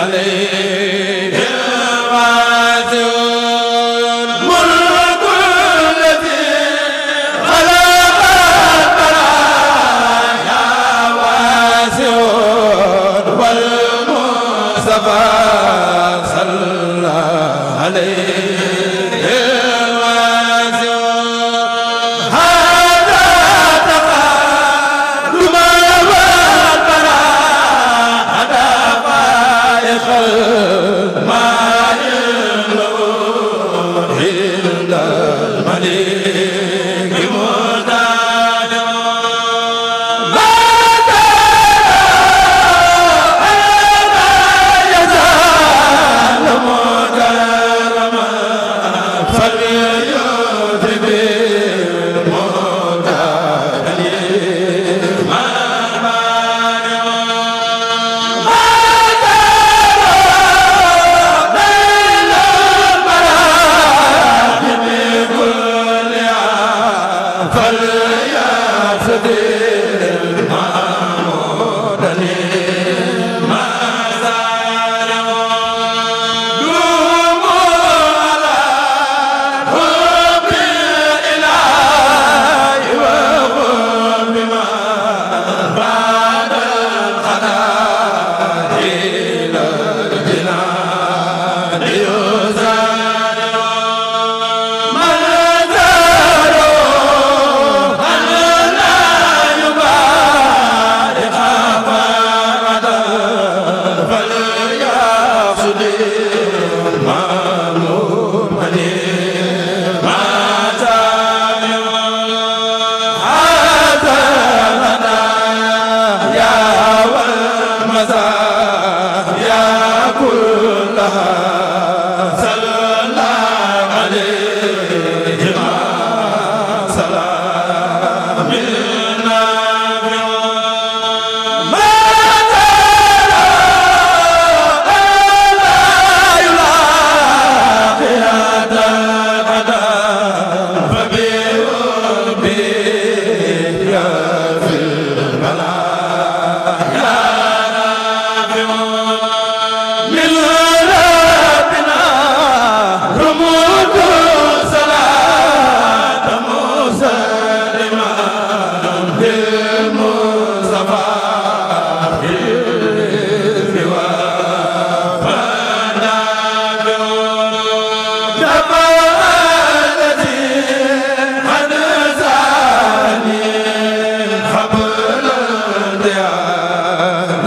عليه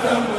Adam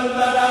Allahu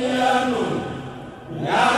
ya nun ya